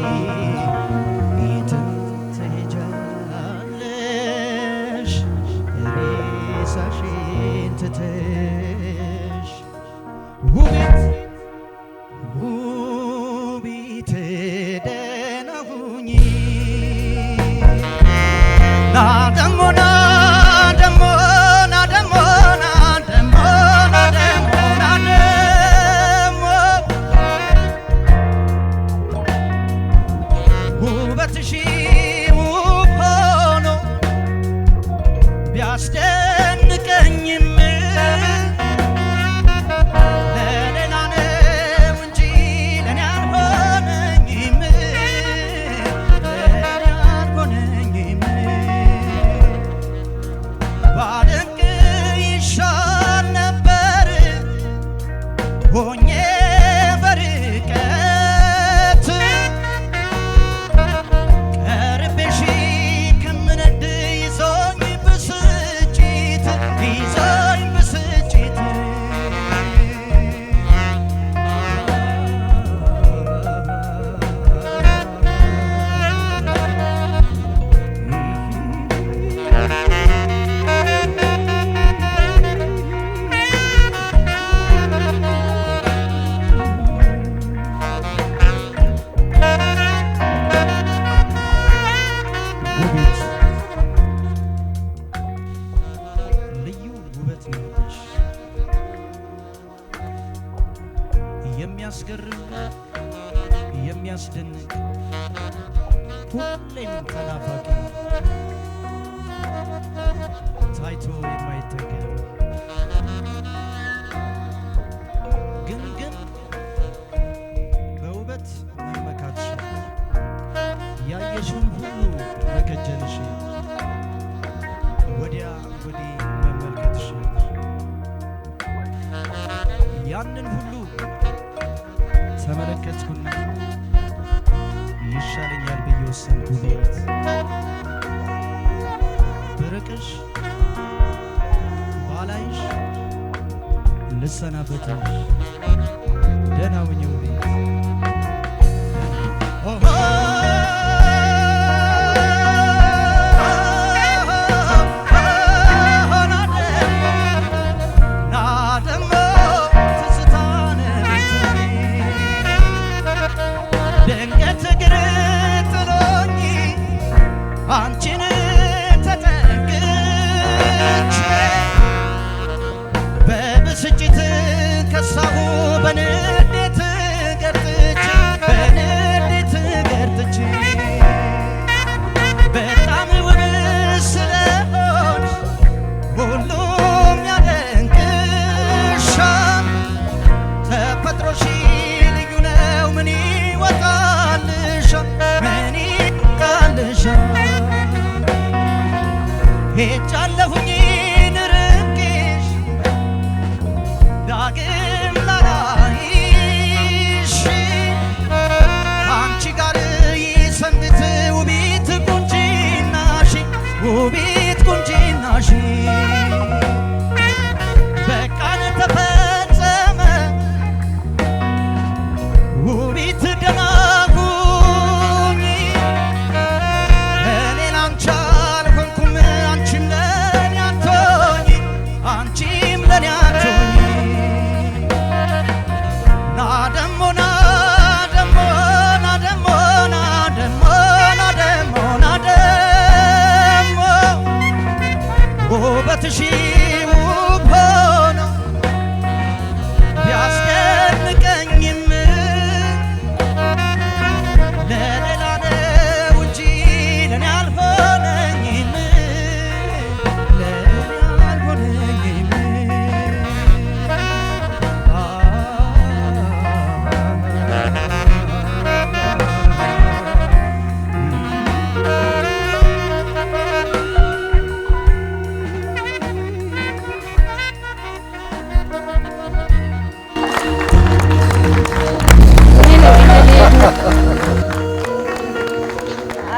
የትም ትሄጃለሽ ውቢት ደህና ሁኚ ና ደግሞ ተመለከትኩና ይሻለኛል ብዬ ወሰንኩ። ቤት ብርቅሽ ባላይሽ ልሰናበትሽ ደህና ሁኚ። ተነሳሁ በንዴት ገርጥቼ በንዴት ገርጥቼ በጣም ውብ ስለሆንሽ ሁሉም ያደንቅሻል። ተፈጥሮሽ ልዩ ነው። ምን ይወጣልሻል? ምን ይወጣልሻል?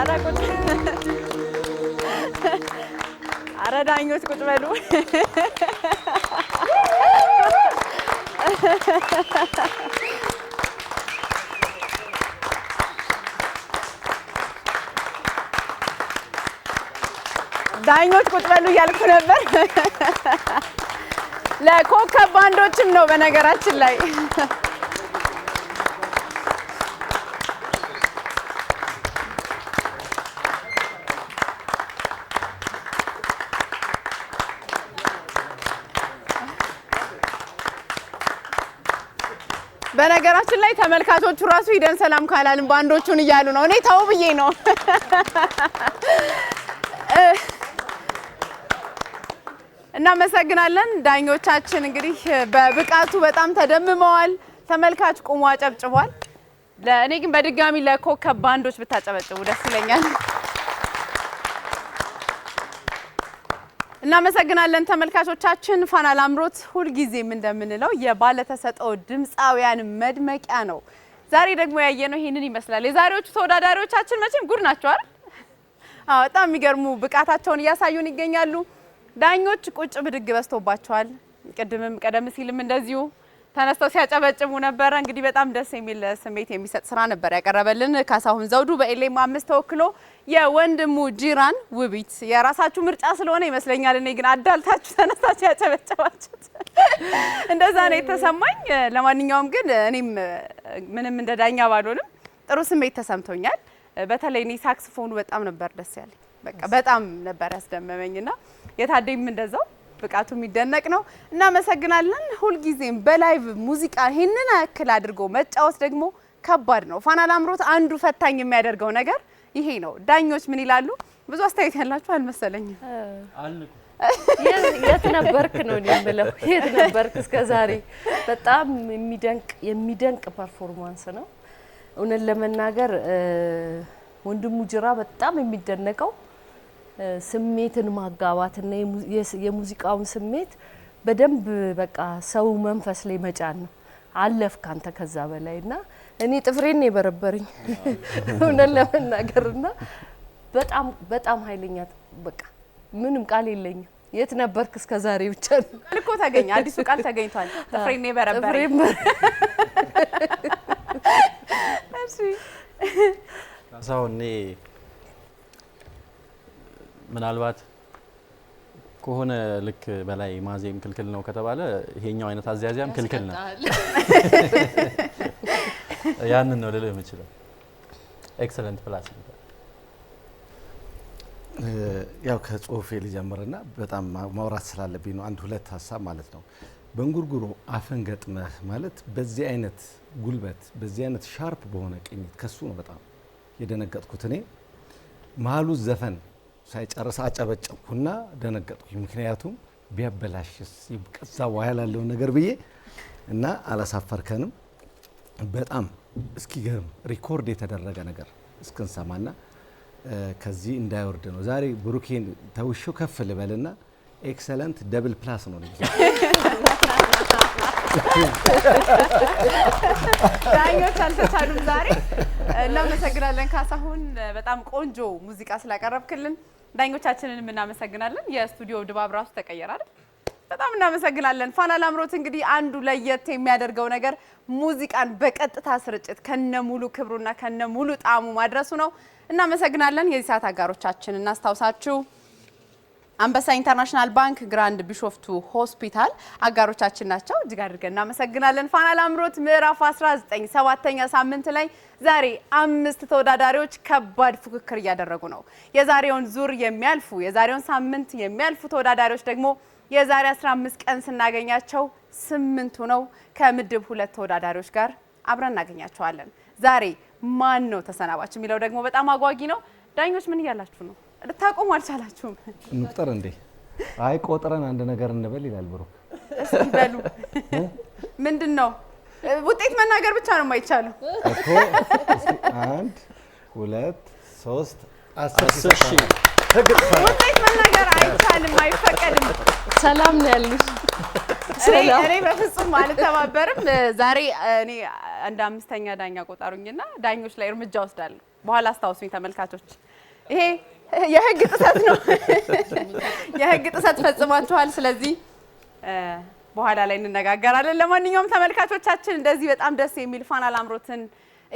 አረ ቁጭ ኧረ ዳኞች ቁጭ በሉ። ዳኞች ቁጭ በሉ እያልኩ ነበር። ለኮከብ ባንዶችም ነው በነገራችን ላይ በነገራችን ላይ ተመልካቾቹ ራሱ ሂደን ሰላም ካላልን ባንዶቹን እያሉ ነው። እኔ ተው ብዬ ነው። እናመሰግናለን። ዳኞቻችን እንግዲህ በብቃቱ በጣም ተደምመዋል። ተመልካች ቁሞ አጨብጭቧል። እኔ ግን በድጋሚ ለኮከብ ባንዶች ብታጨበጭቡ ደስ ይለኛል። እናመሰግናለን ተመልካቾቻችን። ፋና ላምሮት ሁልጊዜም እንደምንለው የባለተሰጠው ድምፃውያን መድመቂያ ነው። ዛሬ ደግሞ ያየነው ይህንን ይመስላል። የዛሬዎቹ ተወዳዳሪዎቻችን መቼም ጉድ ናቸው አይደል? አዎ፣ በጣም የሚገርሙ ብቃታቸውን እያሳዩን ይገኛሉ። ዳኞች ቁጭ ብድግ በዝቶባቸዋል። ቅድምም ቀደም ሲልም እንደዚሁ ተነስተው ሲያጨበጭሙ ነበረ። እንግዲህ በጣም ደስ የሚል ስሜት የሚሰጥ ስራ ነበር ያቀረበልን ካሳሁን ዘውዱ። በኤሌም አምስት ተወክሎ የወንድሙ ጂራን ውቢት የራሳችሁ ምርጫ ስለሆነ ይመስለኛል። እኔ ግን አዳልታችሁ ተነስታችሁ ያጨበጨባችሁት እንደዛ ነው የተሰማኝ። ለማንኛውም ግን እኔም ምንም እንደ ዳኛ ባልሆንም ጥሩ ስሜት ተሰምቶኛል። በተለይ እኔ ሳክስፎኑ በጣም ነበር ደስ ያለኝ። በቃ በጣም ነበር ና የታደይም እንደዛው ብቃቱ የሚደነቅ ነው። እናመሰግናለን። ሁልጊዜም በላይቭ ሙዚቃ ይህንን ያክል አድርጎ መጫወት ደግሞ ከባድ ነው። ፋና ላምሮት አንዱ ፈታኝ የሚያደርገው ነገር ይሄ ነው። ዳኞች ምን ይላሉ? ብዙ አስተያየት ያላችሁ አልመሰለኝም። የት ነበርክ ነው የምለው፣ የት ነበርክ እስከ ዛሬ? በጣም የሚደንቅ የሚደንቅ ፐርፎርማንስ ነው። እውነት ለመናገር ወንድሙ ጅራ በጣም የሚደነቀው ስሜትን ማጋባትና የሙዚቃውን ስሜት በደንብ በቃ ሰው መንፈስ ላይ መጫን ነው። አለፍ ካንተ ከዛ በላይ እና እኔ ጥፍሬን የበረበርኝ እውነት ለመናገር እና በጣም በጣም ኃይለኛ በቃ ምንም ቃል የለኝም። የት ነበርክ እስከ ዛሬ? ብቻ ነው ቃል እኮ ተገኘ፣ አዲሱ ቃል ተገኝቷል። ጥፍሬን የበረበርኝ እሺ ምናልባት ከሆነ ልክ በላይ ማዜም ክልክል ነው ከተባለ ይሄኛው አይነት አዘያዚያም ክልክል ነው። ያንን ነው ልልህ የምችለው። ኤክሰለንት ፕላስ ያው ከጽሁፌ ልጀምርና በጣም ማውራት ስላለብኝ ነው። አንድ ሁለት ሀሳብ ማለት ነው። በእንጉርጉሮ አፈን ገጥመህ ማለት በዚህ አይነት ጉልበት፣ በዚህ አይነት ሻርፕ በሆነ ቅኝት ከሱ ነው በጣም የደነገጥኩት እኔ መሀሉ ዘፈን ሳይጨርስ አጨበጨብኩና ደነገጥኩኝ። ምክንያቱም ቢያበላሽስ ከዛ በኋላ ያለውን ነገር ብዬ እና አላሳፈርከንም። በጣም እስኪገርም ሪኮርድ የተደረገ ነገር እስክንሰማና ከዚህ እንዳይወርድ ነው ዛሬ ብሩኬን ተውሾ ከፍ ልበልና ኤክሰለንት ደብል ፕላስ ነው ዳኞች አልተቻሉም ዛሬ እናመሰግናለን ካሳሁን፣ በጣም ቆንጆ ሙዚቃ ስላቀረብክልን ዳኞቻችንንም እናመሰግናለን። የስቱዲዮ ድባብ ራሱ ተቀየረ አይደል? በጣም እናመሰግናለን። ፋና ላምሮት እንግዲህ አንዱ ለየት የሚያደርገው ነገር ሙዚቃን በቀጥታ ስርጭት ከነ ሙሉ ክብሩና ከነ ሙሉ ጣዕሙ ማድረሱ ነው። እናመሰግናለን። የዚህ ሰዓት አጋሮቻችን እናስታውሳችሁ። አንበሳ ኢንተርናሽናል ባንክ፣ ግራንድ ቢሾፍቱ ሆስፒታል አጋሮቻችን ናቸው። እጅግ አድርገን እናመሰግናለን። ፋና ላምሮት ምዕራፍ 19 ሰባተኛ ሳምንት ላይ ዛሬ አምስት ተወዳዳሪዎች ከባድ ፉክክር እያደረጉ ነው። የዛሬውን ዙር የሚያልፉ የዛሬውን ሳምንት የሚያልፉ ተወዳዳሪዎች ደግሞ የዛሬ 15 ቀን ስናገኛቸው ስምንቱ ነው ከምድብ ሁለት ተወዳዳሪዎች ጋር አብረን እናገኛቸዋለን። ዛሬ ማን ነው ተሰናባች የሚለው ደግሞ በጣም አጓጊ ነው። ዳኞች ምን እያላችሁ ነው? ልታቆሙ አልቻላችሁም። እንቁጠር እንዴ? አይ ቆጥረን አንድ ነገር እንበል ይላል ብሩክ። እስኪ በሉ ምንድን ነው ውጤት መናገር ብቻ ነው የማይቻለው እኮ። አንድ ሁለት ሶስት አስር ሺህ ውጤት መናገር አይቻልም፣ አይፈቀድም። ሰላም ነው ያሉሽ። እኔ በፍጹም አልተባበርም። ዛሬ እኔ እንደ አምስተኛ ዳኛ ቆጠሩኝና ዳኞች ላይ እርምጃ ወስዳለሁ። በኋላ አስታውሱኝ ተመልካቾች ይሄ የህግ ጥሰት ነው። የህግ ጥሰት ፈጽማችኋል። ስለዚህ በኋላ ላይ እንነጋገራለን። ለማንኛውም ተመልካቾቻችን እንደዚህ በጣም ደስ የሚል ፋና ላምሮትን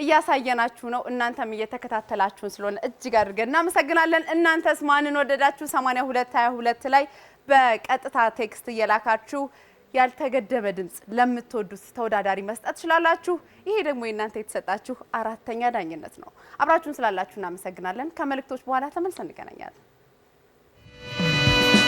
እያሳየናችሁ ነው። እናንተም እየተከታተላችሁን ስለሆነ እጅግ አድርገን እናመሰግናለን። እናንተስ ማንን ወደዳችሁ? 8222 ላይ በቀጥታ ቴክስት እየላካችሁ ያልተገደበ ድምፅ ለምትወዱት ተወዳዳሪ መስጠት ትችላላችሁ። ይሄ ደግሞ የእናንተ የተሰጣችሁ አራተኛ ዳኝነት ነው። አብራችሁን ስላላችሁ እናመሰግናለን። ከመልእክቶች በኋላ ተመልሰን እንገናኛለን።